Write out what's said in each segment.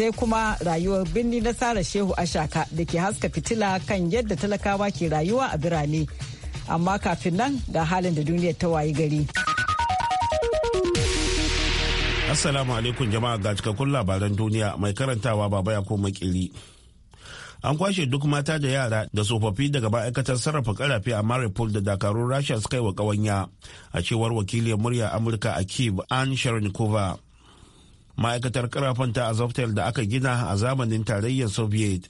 sai kuma rayuwar birni na Sara Shehu Ashaka da ke haska fitila kan yadda talakawa ke rayuwa a birane. Amma kafin nan ga halin da duniyar ta wayi gari. Assalamu alaikum jama'a ga cikakkun labaran duniya mai karantawa baba ya koma kiri. An kwashe duk mata da yara da tsofaffi daga ma'aikatar sarrafa karafi a Mariupol da dakarun Rasha suka yi wa ƙawanya a cewar wakiliyar murya Amurka a Kiev Anne Sharonikova. ma'aikatar karafanta a zoftel da aka gina a zamanin tarayyar soviet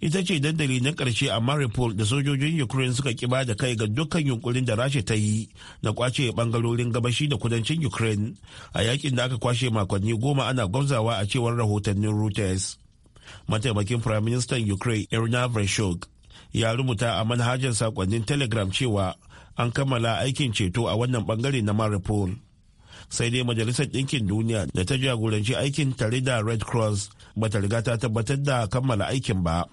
ita ce dandali na ƙarshe a maripol da sojojin ukraine suka kiba da kai ga dukkan yunkurin da rasha ta yi na kwace bangarorin gabashi da kudancin ukraine a yakin da aka kwashe makonni goma ana gwamzawa a cewar rahotannin reuters mataimakin firaministan ukraine irina vershok ya rubuta a manhajar sakonnin telegram cewa an kammala aikin ceto a wannan bangare na maripol sai dai majalisar ɗinkin duniya da ta jagoranci aikin tare da red cross bata riga ta tabbatar da kammala aikin ba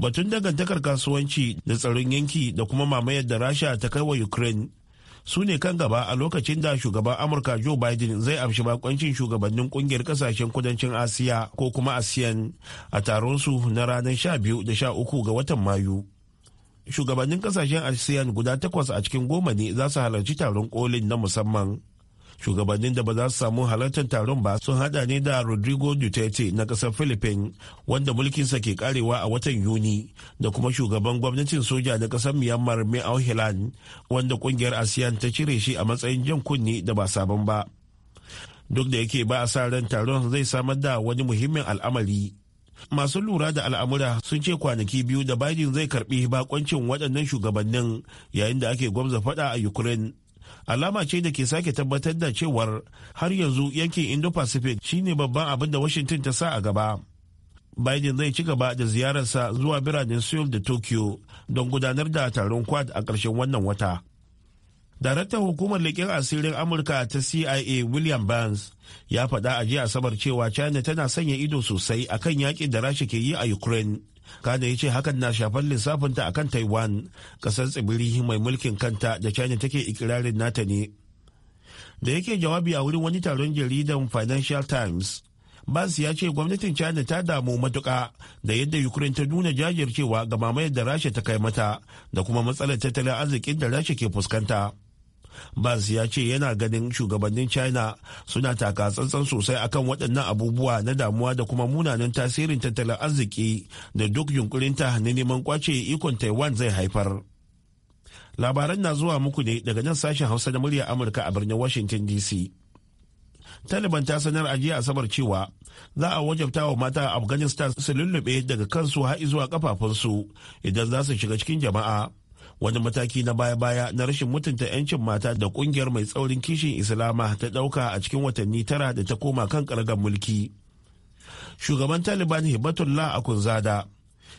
batun dangantakar kasuwanci da tsaron yanki da kuma mamayar da rasha ta kai wa ukraine su ne kan gaba a lokacin da shugaban amurka joe biden zai amshi bakoncin shugabannin kungiyar kasashen kudancin asiya ko kuma asiyan a taron su na ranar 12 da 13 ga watan mayu shugabannin kasashen asean guda takwas a cikin goma ne za su halarci taron kolin na musamman shugabannin da ba za su samu halartar taron ba sun hada ne da rodrigo duterte na kasar philippine wanda mulkinsa ke karewa a watan yuni da kuma shugaban gwamnatin soja na kasar myanmar mai auhilan wanda kungiyar asean ta cire shi a matsayin jan kunni da ba sabon ba duk da yake ba a sa ran taron zai samar da wani muhimmin al'amari masu lura da al'amura sun ce kwanaki biyu da biden zai karbi bakoncin waɗannan shugabannin yayin da ake gwamza faɗa a ukraine alama ce da ke sake tabbatar da cewar har yanzu yankin indo-pacific shine babban abin da washington ta sa a gaba biden zai ci gaba da ziyararsa zuwa biranen seoul da tokyo don gudanar da taron quad a ƙarshen wannan wata Daraktan hukumar leƙen asirin Amurka ta CIA William Burns ya faɗa a jiya Asabar cewa China tana sanya ido sosai a kan yaƙin da Rasha ke yi a Ukraine. Kada ya ce hakan na shafar lissafinta a kan Taiwan, ƙasar tsibiri mai mulkin kanta da China take ikirarin nata ne. Da yake jawabi a wurin wani taron jaridan Financial Times, Bans ya ce gwamnatin China ta damu matuka da yadda Ukraine ta nuna jajircewa ga mamayar da Rasha ta kai mata da kuma matsalar tattalin arzikin da Rasha ke fuskanta. Bas ya ce yana ganin shugabannin China suna taka tsantsan sosai akan waɗannan abubuwa na damuwa da kuma munanan tasirin tattalin arziki da duk yunkurinta na neman kwace ikon Taiwan zai haifar. Labaran na zuwa muku ne daga nan sashen Hausa na murya Amurka a birnin Washington DC. Taliban ta sanar a jiya Asabar cewa za a wajabta wa mata a Afghanistan su lullube daga kansu har zuwa kafafunsu idan za su shiga cikin jama'a. wani mataki na baya-baya na rashin mutunta 'yancin mata da kungiyar mai tsaurin kishin islama ta dauka a cikin watanni tara da ta koma kan kargar mulki shugaban taliban hibatullah akunzada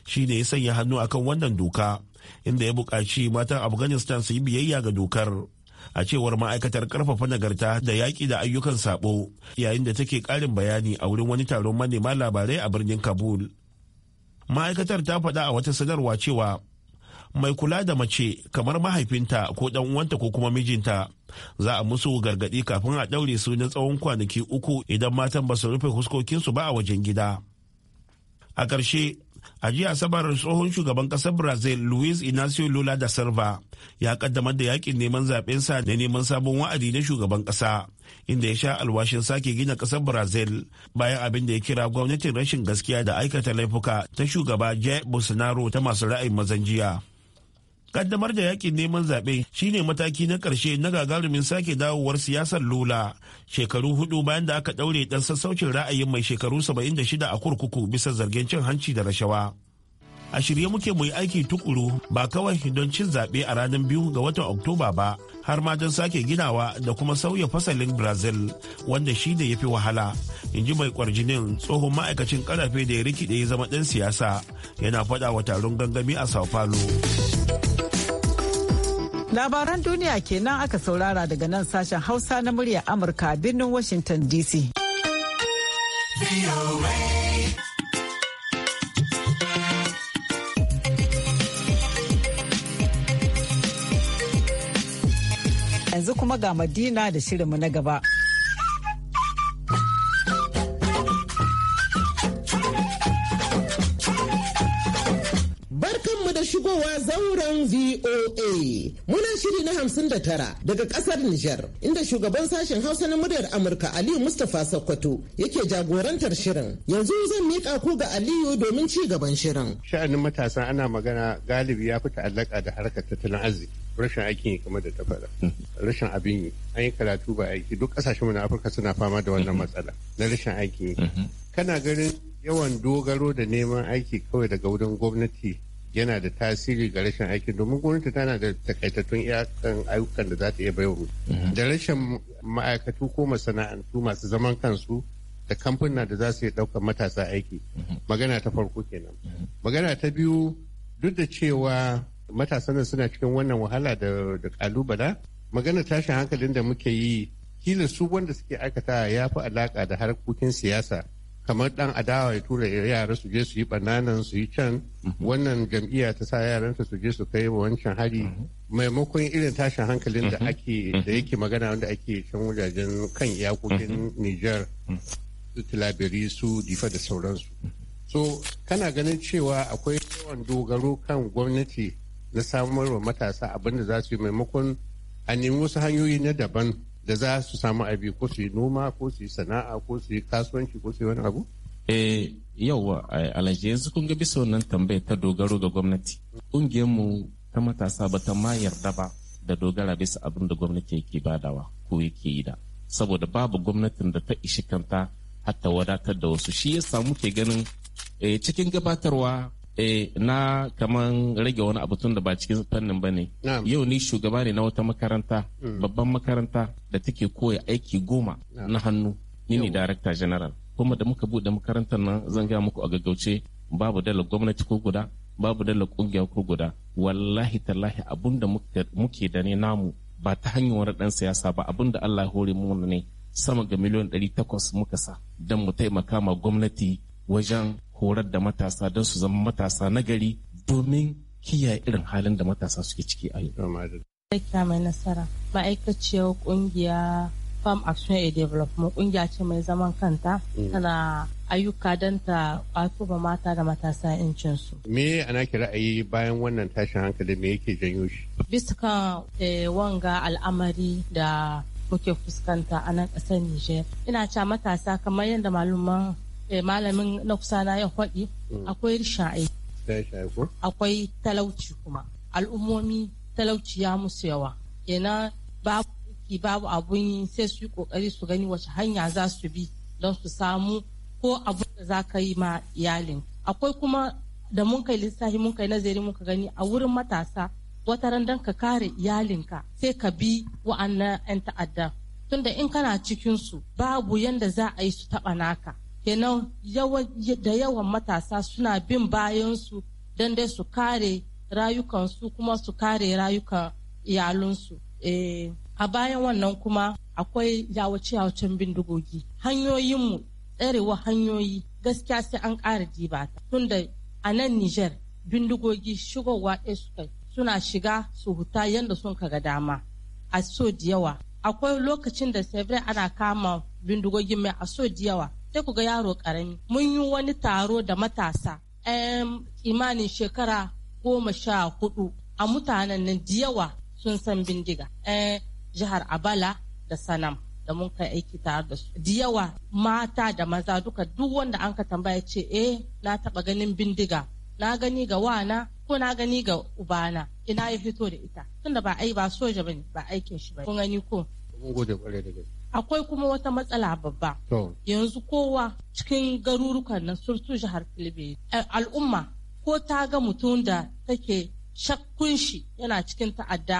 shi ne ya sanya hannu akan wannan doka inda ya buƙaci matan afghanistan su yi biyayya ga dokar a cewar ma'aikatar karfafa nagarta da yaƙi da ayyukan sabo yayin da take ƙarin bayani a wurin wani taron manema labarai a birnin kabul ma'aikatar ta faɗa a wata sanarwa cewa mai kula da mace kamar mahaifinta ko dan uwanta ko kuma mijinta za a musu gargadi kafin a daure su na tsawon kwanaki uku idan matan ba su rufe huskokinsu ba a wajen gida a ƙarshe a jiya asabar tsohon shugaban ƙasar brazil luis inacio lula da silva ya kaddamar da yakin neman sa na neman sabon wa'adi na shugaban ƙasa inda ya sha alwashin sake gina ƙasar brazil bayan abin da ya kira gwamnatin rashin gaskiya da aikata laifuka ta shugaba jair bolsonaro ta masu ra'ayin mazan jiya kaddamar da yakin neman zaɓe shine mataki na ƙarshe na gagarumin sake dawowar siyasar lula shekaru hudu bayan da aka ɗaure ɗan sassaucin ra'ayin mai shekaru 76 a kurkuku bisa zargin cin hanci da rashawa a shirye muke mu yi aiki tukuru ba kawai don cin zaɓe a ranar biyu ga watan oktoba ba har ma don sake ginawa da kuma sauya fasalin brazil wanda shi da ya fi wahala in ji mai kwarjinin tsohon ma'aikacin karafe da ya rikide ya zama ɗan siyasa yana faɗa wa taron gangami a sao paulo Labaran duniya kenan aka saurara daga nan sashen Hausa na murya Amurka a birnin Washington DC. Yanzu kuma ga Madina da shirinmu na gaba. sa'ar shigowa zauren VOA. Muna shiri na hamsin da tara daga kasar Nijar, inda shugaban sashen Hausa na muryar Amurka Aliyu Mustapha sakwato yake jagorantar shirin. Yanzu zan miƙa ku ga Aliyu domin ci gaban shirin. Sha'anin matasa ana magana galibi ya fi ta'allaka da harkar tattalin arziki. rashin aikin yi kamar da ta faɗa rashin abin yi an yi karatu ba aiki duk ƙasashen na afirka suna fama da wannan matsala na rashin aikin yi mhm. kana ganin yawan dogaro da neman aiki kawai daga wurin gwamnati yana da tasiri ga rashin aikin domin gwamnati tana da takaitattun iyakan ayyukan da za ta iya baiwa mhm. da rashin ma'aikatu ko masana'antu masu zaman kansu da kamfuna da za su yi ɗaukar matasa aiki mhm. magana ta farko kenan mhm. magana ta biyu duk da cewa matasan suna cikin wannan wahala da kalubala magana tashin hankalin da muke yi kila su wanda suke aikata ya fi alaka da harkokin siyasa kamar dan adawa ya tura yara su je su yi bananan su yi can mhm. wannan jam'iyya ta sa yaransa su je su kai wa wancan hari mhm. maimakon irin tashin hankalin da mhm. ake da yake magana wanda ake can wajajen kan iyakokin Niger. su tilabiri su difa da sauransu so kana ganin cewa akwai yawan dogaro kan gwamnati na samarwa matasa abinda za su yi maimakon a nemi wasu hanyoyi na daban da za su samu abi ko su yi noma ko su yi sana'a ko su yi kasuwanci ko su yi wani abu? Eh yauwa eh, alhaji yanzu kun ga bisa wannan tambaya ta dogaro ga gwamnati. ƙungiyar mu ta matasa ba ta ma yarda ba da dogara bisa abin da gwamnati yake badawa ko yake yi da. Saboda babu gwamnatin da ta ishi kanta hatta wadatar da wasu shi ya samu ke ganin eh, cikin gabatarwa eh na kaman rage wani abu tun da ba cikin fannin ba ne yau ni shugaba ne na wata makaranta mm. babban makaranta da take koya aiki goma na hannu ni ne director general kuma da muka buɗe makarantar nan zan gaya muku a gaggauce babu dala gwamnati ko guda babu dala kungiya ko guda wallahi tallahi abun da muke da ne namu ba ta hanyar wani dan siyasa ba abun da Allah hore mu ne sama ga miliyan 800 muka sa don mu taimaka ma gwamnati wajen horar da matasa don su zama matasa nagari domin kiyaye irin halin da matasa suke ciki a yau. Aika mai nasara ma'aikaciyar kungiya Farm Action and Development kungiya ce mai zaman kanta mm. tana ayyuka don ta kwato ba mata da matasa yancin su. Me ana ki ra'ayi bayan wannan tashin hankali me yake janyo shi? Bisa kan eh, wanga al'amari da muke fuskanta a nan ƙasar Niger. Ina cewa matasa kamar yadda malaman Eh, malamin na kusa na ya faɗi mm. akwai rishin akwai talauci kuma al'ummomi talauci ya musu yawa ina babu babu abun yi sai su yi kokari su gani wace hanya za su bi don su samu ko abun da za ka yi ma iyalin akwai kuma da mun kai lissafi mun kai nazari ka gani a wurin matasa wata ran don ka kare iyalinka sai ka bi wa'annan 'yan ta'adda tunda in kana cikin su babu yanda za a yi su taɓa naka kenan da yawan matasa suna bin bayansu don dai su kare rayukansu kuma su kare rayukan iyalinsu eh, a bayan wannan kuma akwai yawace-yawacen bindigogi hanyoyinmu tsarewa hanyoyi gaskiya sai an ƙara tun tunda a nan niger bindigogi shigowa ɗaya suka suna shiga su huta yadda sun ga dama a so da yawa akwai lokacin da sevre ana kama bindigogi mai a so da yawa sai ku ga yaro karami mun yi wani taro da matasa yan imanin shekara goma sha hudu a mutanen nan yawa sun san bindiga yan jihar abala da sanam da mun kai aiki tare da su da yawa mata da maza duka duk wanda an ka tambaya ce e na taba ganin bindiga na gani ga wana ko na gani ga ubana ina ya fito da ita tunda ba ai ba soja ne ba aikin shi ba. kun gani ko akwai kuma wata matsala babba yanzu kowa cikin garurukan nan surtu jihar filibe al'umma ko ta ga mutum da take shakkun shi yana cikin ta'adda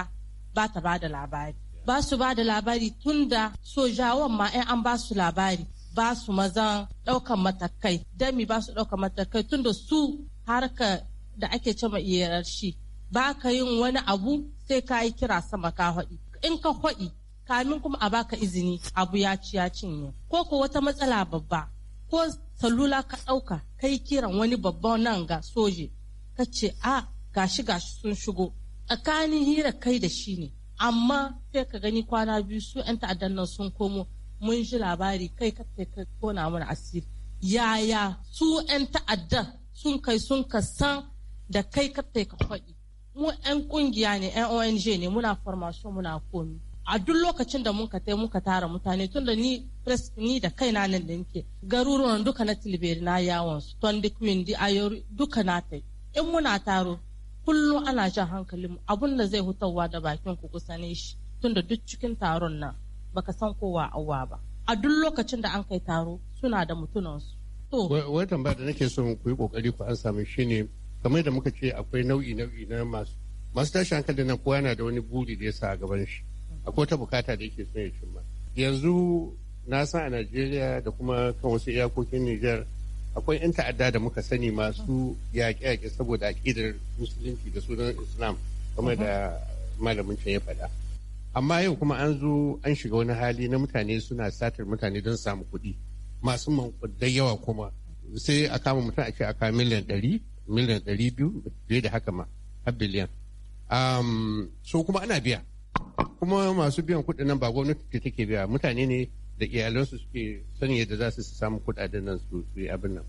ba ta ba da labari ba su ba da labari tun da sojawan ma 'yan an ba su labari ba su mazan ɗaukan matakai dami ba su ɗaukan matakai tun da su harka da ake cema shi ba ka yin wani abu sai ka yi kira sama ka haɗi in ka haɗi kamin kuma a baka izini abu ya ci ya cinye ko ko wata matsala babba ko salula ka ɗauka kai kiran wani babban nan ga soje ka ce a gashi gashi sun shigo tsakanin hira kai da shi ne amma sai ka gani kwana biyu su 'yan ta'addan nan sun komo mun ji labari kai ka kona mana asiri yaya su 'yan ta'addan sun kai sun ka san da kai ka ka faɗi mu 'yan ƙungiya ne 'yan ong ne muna farmashin muna komi a duk lokacin da muka tai muka tara mutane da ni pres ni da kaina nan da nake garuruwan duka na tilberi na yawon su ton duk min di ayori duka na ta in muna taro kullum ana jan hankalin mu abun da zai hutawa da bakin ku kusa ne shi da duk cikin taron nan baka san kowa awa ba a duk lokacin da an kai taro suna da mutunansu. to wai tambaya da nake so ku yi kokari ku an samu shine kamar da muka ce akwai nau'i nau'i na masu masu tashi hankali na kowa yana da wani buri da ya sa a gaban shi akwai wata bukata da yake son ya cimma yanzu na san a najeriya da kuma kan wasu iyakokin niger akwai 'yan ta'adda da muka sani masu yaƙe-yaƙe saboda aƙidar musulunci da sunan islam kuma da malamin can ya faɗa amma yau kuma an zo an shiga wani hali na mutane suna satar mutane don samu kuɗi masu mankudai yawa kuma sai a kama mutum a ce a kama miliyan ɗari miliyan ɗari biyu da haka ma har biliyan so kuma ana biya kuma masu biyan kuɗin nan ba gwamnati ta take biya mutane ne da iyalansu suke sani yadda za su samu kuɗaɗen nan su yi abin nan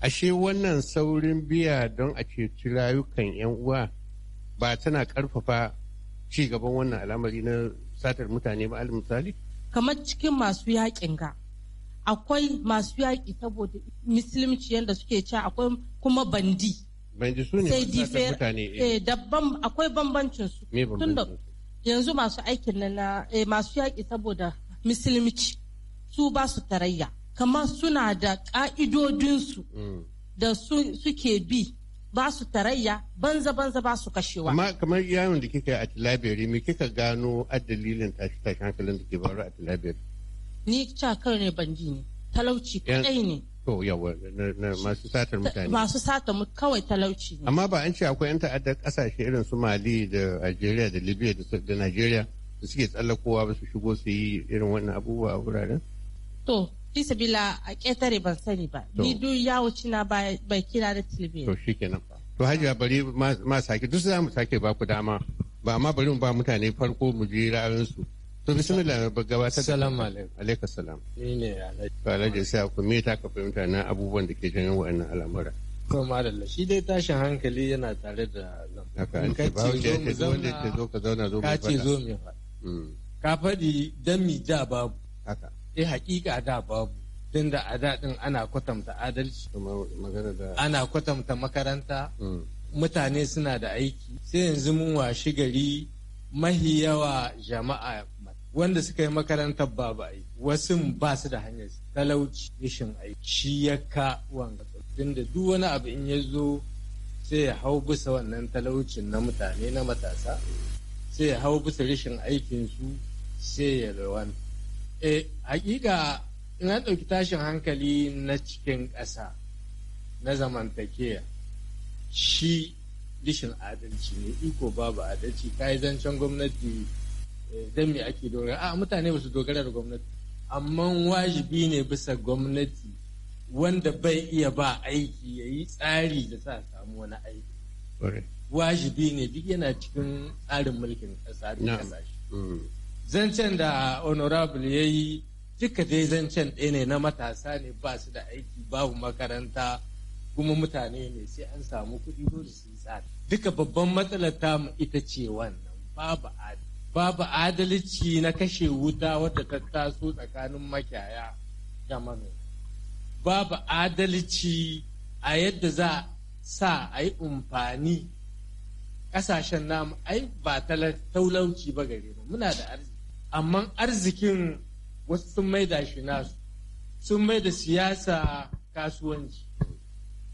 ashe wannan saurin biya don a ceci rayukan 'yan uwa ba tana karfafa ci gaban wannan al'amari na satar mutane ba misali kamar cikin masu yaƙin ga akwai masu yaƙi saboda musulunci yadda suke ci akwai kuma bandi bandi su ne sai mutane eh. Eh, dabban akwai bambancin su tunda yanzu masu aikin nan na eh, masu yaƙi saboda musulmici su ba su tarayya kamar suna da ƙa'idodinsu mm. da suke bi ba su tarayya banza banza ba su kashewa. Amma kamar yawon da kika yi a tilabiri me kika gano a dalilin tashi tashi hankalin da ke faru a tilabiri Ni cakar ne bandi ne talauci kadai ne. To oh, yawa masu satar mutane. Masu satar kawai talauci ne. Amma ba an ce akwai 'yan ta'adda kasashe irin su Mali da Algeria da Libya da Nigeria da suke tsallakowa ba su shigo su yi irin wannan abubuwa a wuraren? To, fi sabila a ƙetare ban sani ba. Ni duk yawo cina bai kira da Libya. To shi kenan. To hajiya bari ma sake duk za mu sake ba ku dama. Ba amma bari mu ba mutane farko mu je ra'ayinsu. to bismillah gabatar salamu alaikum alaikum salam ni ne alhaji sai ku me ta ka fahimta na abubuwan da ke janyo wa'annan al'amura ko madalla shi dai tashin hankali yana tare da lamarin ka ce zo mu zauna ka ce zo mu ka faɗi dan mi da babu haka eh hakika da babu Tunda da a daɗin ana kwatanta adalci ana kwatanta makaranta hmm. mutane suna da aiki sai yanzu mun washi gari mahi yawa jama'a wanda suka yi makarantar ba yi wasu ba su da hanyar talauci rashin aiki shi ya ka wanga tunda duk wani abu in ya zo sai ya hau bisa wannan talaucin na mutane na matasa sai ya hau bisa rashin aikinsu sai ya rawan e hakika in an ɗauki tashin hankali na cikin ƙasa na zamantakewa shi rishin adalci ne iko babu adalci zancen gwamnati Eh, don me ake dogara a mutane ba su dogara da gwamnati amma wajibi ne bisa gwamnati wanda bai iya ba aiki ya yi tsari da sa samu wani aiki wajibi ne duk yana cikin tsarin mulkin kasa da kasashe mm. zancen da honorable ya yi duka dai zancen ɗaya ne na matasa ne ba su da aiki babu makaranta kuma mutane ne sai an samu kuɗi dole su yi tsari duka babban matsalar tamu ita ce wannan babu adalci babu adalci na kashe wuta wadda ta taso tsakanin makiyaya da manoma babu adalci a yadda za sa a yi umfani ƙasashen namu ai ba talauci ba gare mu muna da arziki amma arzikin wasu sun maida shi nasu sun maida siyasa kasuwanci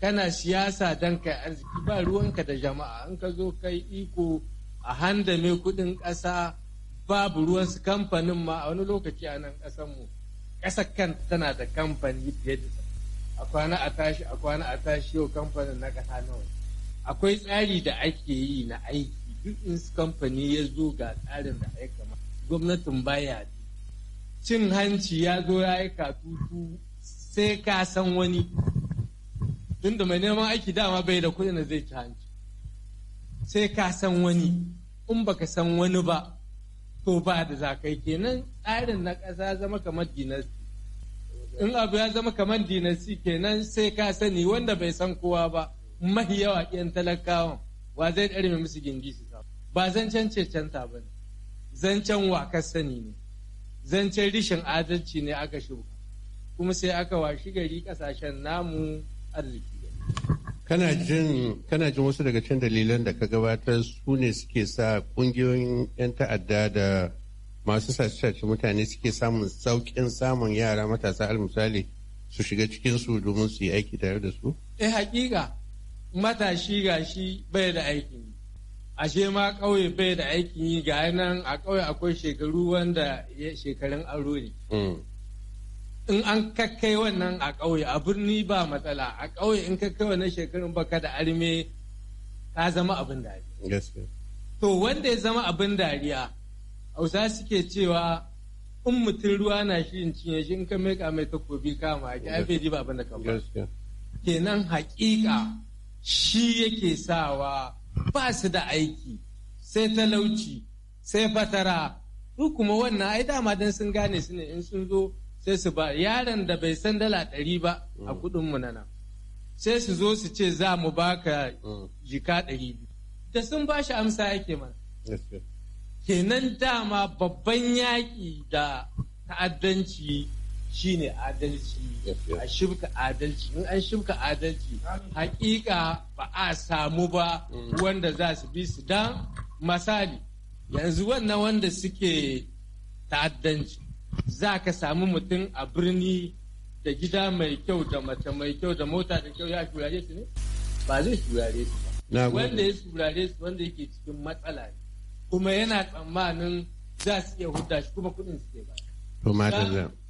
kana siyasa don kai arziki ba ruwanka da jama'a in ka zo kai iko a handame kuɗin ƙasa babu ruwansu kamfanin ma a wani lokaci a nan ƙasanmu Ƙasa kan tana da kamfani fiye da a kwana a tashi a kwana a tashi yau kamfanin na ƙasa nawa akwai tsari da ake yi na aiki duk in kamfani ya zo ga tsarin da ya gwamnatin baya cin hanci ya zo ya yi katutu sai ka san wani tunda mai neman aiki dama bai da kuɗin da zai ci hanci sai ka san wani in baka san wani ba to ba da za kai kenan tsarin na ƙasa zama kamar dinasti in abu ya zama kamar dinasti kenan sai ka sani wanda bai san kowa ba mahi yawa ƙiyan talakawan wa zai ɗarme musu gingi su ba zancen cecenta ba ne zancen wakar sani ne zancen rishin adalci ne aka shuka kuma sai aka washi gari ƙasashen namu arziki kana jin jin wasu daga cikin dalilan da ka gabatar su ne suke sa kungiyoyin 'yan ta'adda da masu sace-sace mutane suke samun saukin samun yara matasa almisali su shiga cikin su domin su yi aiki tare da su eh hakika matashi shi bai da aikin yi ashe ma kawai bai da aikin yi ga nan a kawai akwai shekaru wanda shekarun aro mm. in an kakkai wannan a ƙauye a birni ba matsala a ƙauye in kakkai wannan shekarun baka da arme ta zama abin dariya to wanda ya zama abin dariya hausa suke cewa in mutum ruwa na shi in cinye shi in ka meka mai takobi kama ki ai bai ba abin da ka ba kenan haƙiƙa shi yake sawa ba su da aiki sai talauci sai fatara su kuma wannan ai dama dan sun gane su ne in sun zo sai su ba yaron da bai san dala ɗari ba a mm. kuɗin mu nan sai su zo su ce za mu baka mm. jika ɗari biyu da sun ba shi amsa yake mana kenan dama babban yaƙi da ta'addanci shine adalci a shibka adalci in an shibka adalci hakika ba a samu ba mm. wanda za su bi su dan masali yanzu wannan wanda suke ta'addanci za ka samu mutum a birni da gida mai kyau da mace mai kyau da mota da kyau ya turare su ne ba zai turare su ba wanda ya turare su wanda yake cikin matsala ne kuma yana tsammanin za su iya huda shi kuma kuɗin su ke ba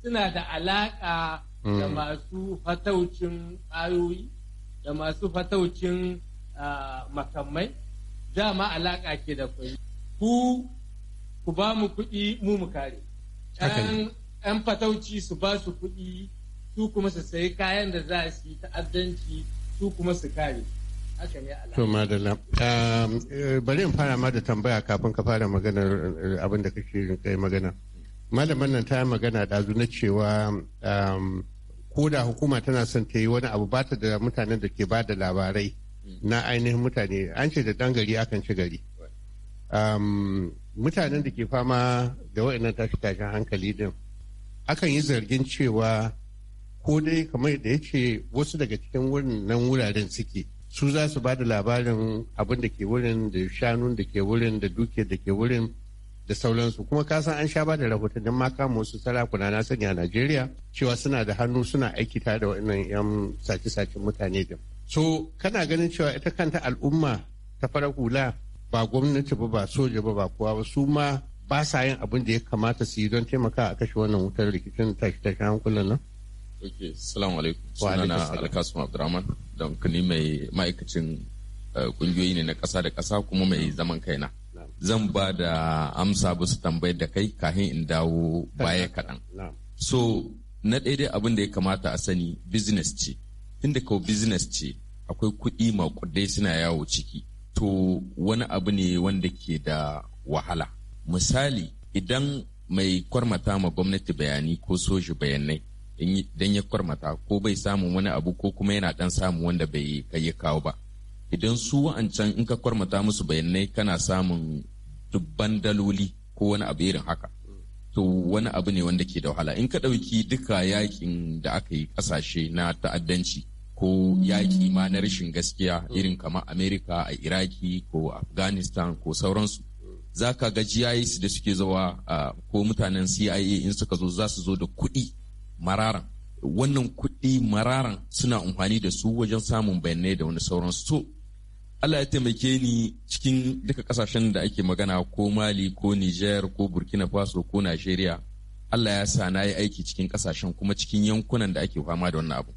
suna da alaƙa mm. da masu fataucin ayoyi da masu fataucin makamai dama alaka ke da kwai ku ku ba mu kuɗi mu mu kare 'yan fatauci su ba su kuɗi su kuma su sayi kayan da za su yi ta'addanci su kuma su kare. To madalla. Eh, bari in fara ma da tambaya kafin ka fara maganar eh, abin da kake kai magana. Malaman nan ta yi magana da na cewa ko da hukuma tana son ta yi wani abu ba ta da mutanen da ke ba da labarai mm. na ainihin mutane an ce da dangari akan ci gari. mutanen da ke fama da wa'annan tashi-tashin hankali din akan yi zargin cewa ko dai kamar da ya ce wasu daga cikin wurin nan wuraren suke su za su ba da labarin abin da ke wurin da shanun da ke wurin da duke da ke wurin da sauransu kuma ka san an sha ba da rahotannin ma kama wasu sarakuna na sani a najeriya cewa suna da hannu suna aiki tare da waɗannan yan sace-sacen mutane din so kana ganin cewa ita kanta al'umma ta farar hula ba gwamnati ba ba soja ba ba kowa ba su ma ba sa yin abin da ya kamata su yi don taimaka a kashe wannan wutar rikicin tashi tashi hankulan nan. Ok, salamu alaikum. Sunana Alkasum Abdurrahman, don kani mai ma'aikacin kungiyoyi eh, ne na ƙasa da ƙasa kuma mai zaman kaina. Zan ba da amsa ba su tambayar da kai kahin in dawo baya kaɗan. So, na daidai abin da ya kamata a sani business ce. Inda kawai business ce, akwai kuɗi maƙudai suna yawo ciki. to wani abu ne wanda ke da wahala. Misali idan mai kwarmata ma gwamnati bayani ko soji bayanai idan ya kwarmata ko bai samun wani abu ko kuma yana dan samun wanda bai kai kawo ba. Idan su wa'ancan in ka kwarmata musu bayanai kana samun dubban daloli ko wani abu irin haka. to wani abu ne wanda ke da wahala in ka ɗauki duka yakin da aka yi ƙasashe na ta'addanci ko yaƙi ma na rashin gaskiya irin kamar amerika a iraki ko afghanistan ko sauransu za ka ga gis da suke zawa ko mutanen cia in suka zo za su zo da kuɗi mararan wannan kuɗi mararan suna amfani da su wajen samun bayanai da wani sauransu to Allah ya taimake ni cikin duka kasashen da ake magana ko Mali ko Niger ko Burkina Faso ko nigeria Allah ya sa na yi aiki cikin kasashen kuma cikin yankunan da ake fama da wannan abu.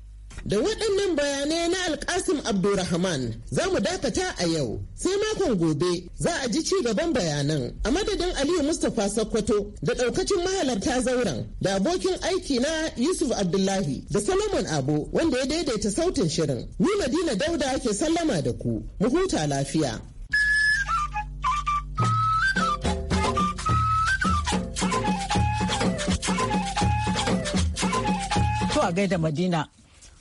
Da waɗannan bayanai na Alkasim Abdulrahman za mu dakata a yau sai makon gobe za a ji ci gaban bayanan a madadin Aliyu Mustapha Sokoto da ɗaukacin mahalarta zauren da abokin aiki na Yusuf Abdullahi da Solomon Abo wanda ya daidaita sautin shirin. Ni Madina Dauda ke sallama da ku mu huta lafiya. To a gaida Madina.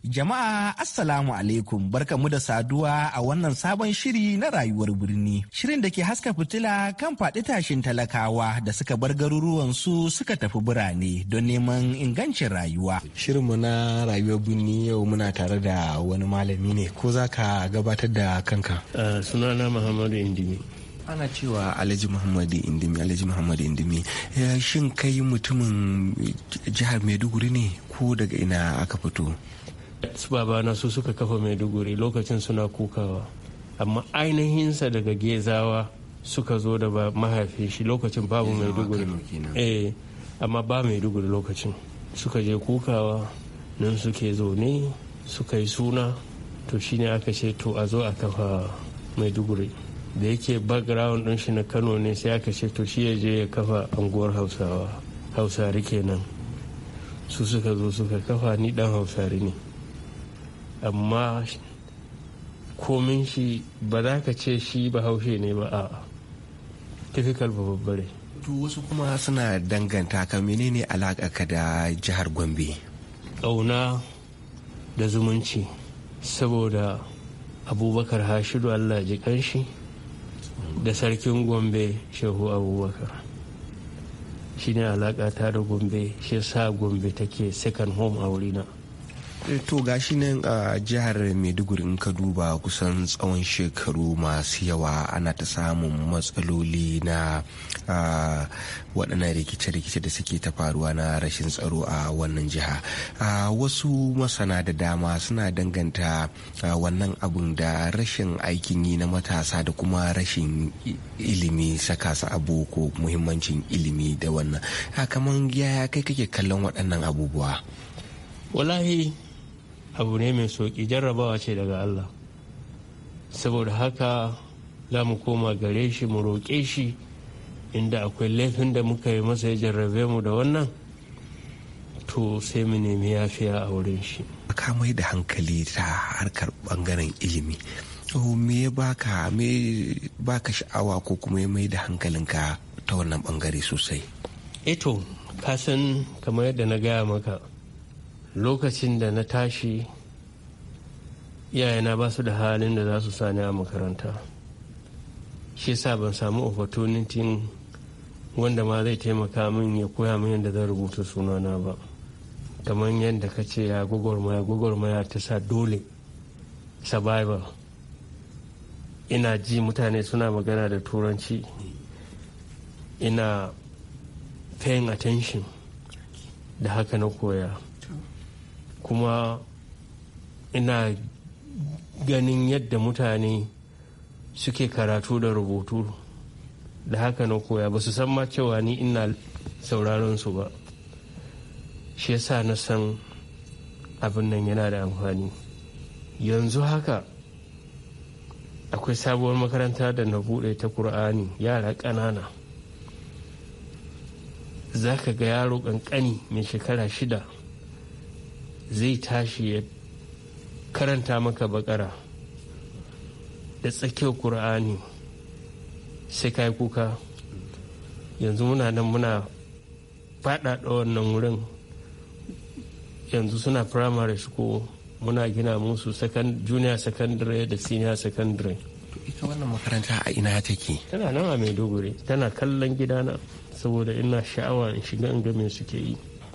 Jama'a Assalamu alaikum barkamu da saduwa a wannan sabon shiri na rayuwar birni. Shirin da ke haska fitila kan faɗi tashin talakawa da suka bar garuruwansu suka tafi birane don neman ingancin rayuwa. Shirinmu na rayuwar birni yau muna tare da wani malami ne ko za ka gabatar da kanka? sunana Muhammadu Indimi. ana cewa alhaji muhammadu indimi alhaji muhammadu indimi shin kai mutumin jihar maiduguri ne ko daga ina aka fito su babana su suka kafa maiduguri lokacin suna kukawa amma ainihinsa daga gezawa suka zo da mahaifin shi lokacin babu maiduguri eh amma ba maiduguri lokacin suka je kukawa nan suke zaune suka yi suna to shine aka ce to a zo a kafa maiduguri da yake background din shi na kano ne sai aka ce to shi ya je ya kafa anguwar hausawa hausari kenan su suka zo suka kafa ni dan hausari ne amma komin shi ba za ka ce shi bahaushe ne ba a typical babbare to wasu kuma suna danganta ka menene ka da jihar gombe ƙauna da zumunci saboda abubakar hashidu allah ji kanshi da sarkin gombe shehu abubakar shine alaƙa ta da gombe shi sa gombe take second home a wurina. Eh, to gashi nan a jihar maiduguri in ka duba kusan tsawon shekaru masu yawa ana ta samun matsaloli na waɗannan rikice-rikice da suke ta faruwa na rashin tsaro a wannan jiha wasu masana da dama suna danganta wannan abun da rashin aikin yi na matasa da kuma rashin ilimi saka su abu ko muhimmancin ilimi da wannan kamar yaya kai kake kallon waɗannan abubuwa wallahi abu ne mai soki jarrabawa ce daga Allah saboda haka za mu koma gare shi mu roƙe shi inda akwai laifin da muka yi masa ya jarrabe mu da wannan to sai mu nemi yafiya a wurin shi ka mai da hankali ta harkar bangaren ilimi me ya baka me baka sha'awa ko kuma ya mai da hankalinka ta wannan bangare sosai eto eh kasan kamar yadda na gaya maka lokacin da na tashi iyayena ba su da halin da za su sani a makaranta shi sa ban samu opportunity wanda ma zai taimaka min ya koya min yadda zan rubuta sunana ba kamar yadda ka ce ya gwagwarmaya gwagwarmaya ta sa dole survival ina ji mutane suna magana da turanci ina paying attention da haka na koya kuma ina ganin yadda mutane suke karatu da rubutu da haka na koya ba su san ma cewa ni ina sauraron su ba shi yasa na san abin nan yana da amfani yanzu haka akwai sabuwar makaranta da na bude ta kur'ani yara ƙanana za ka ga yaro ƙanƙani mai shekara shida zai tashi ya karanta maka bakara da tsakiyar Kur'ani sai ka yi kuka yanzu muna nan muna faɗaɗa wannan wurin yanzu suna primary school muna gina musu junior secondary da senior secondary ita wannan makaranta a ina take tana nan a maiduguri tana kallon gidana saboda ina sha'awa in shiga in ga me suke yi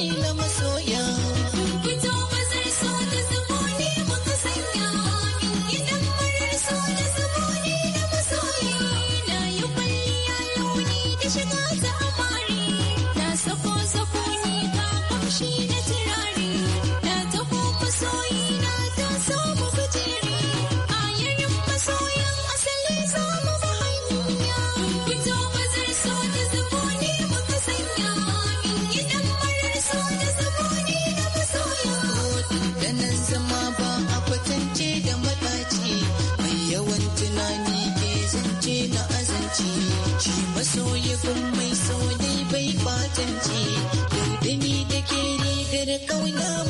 kila masoya san mai so bai kwatance yau da ni da ke rigar kauna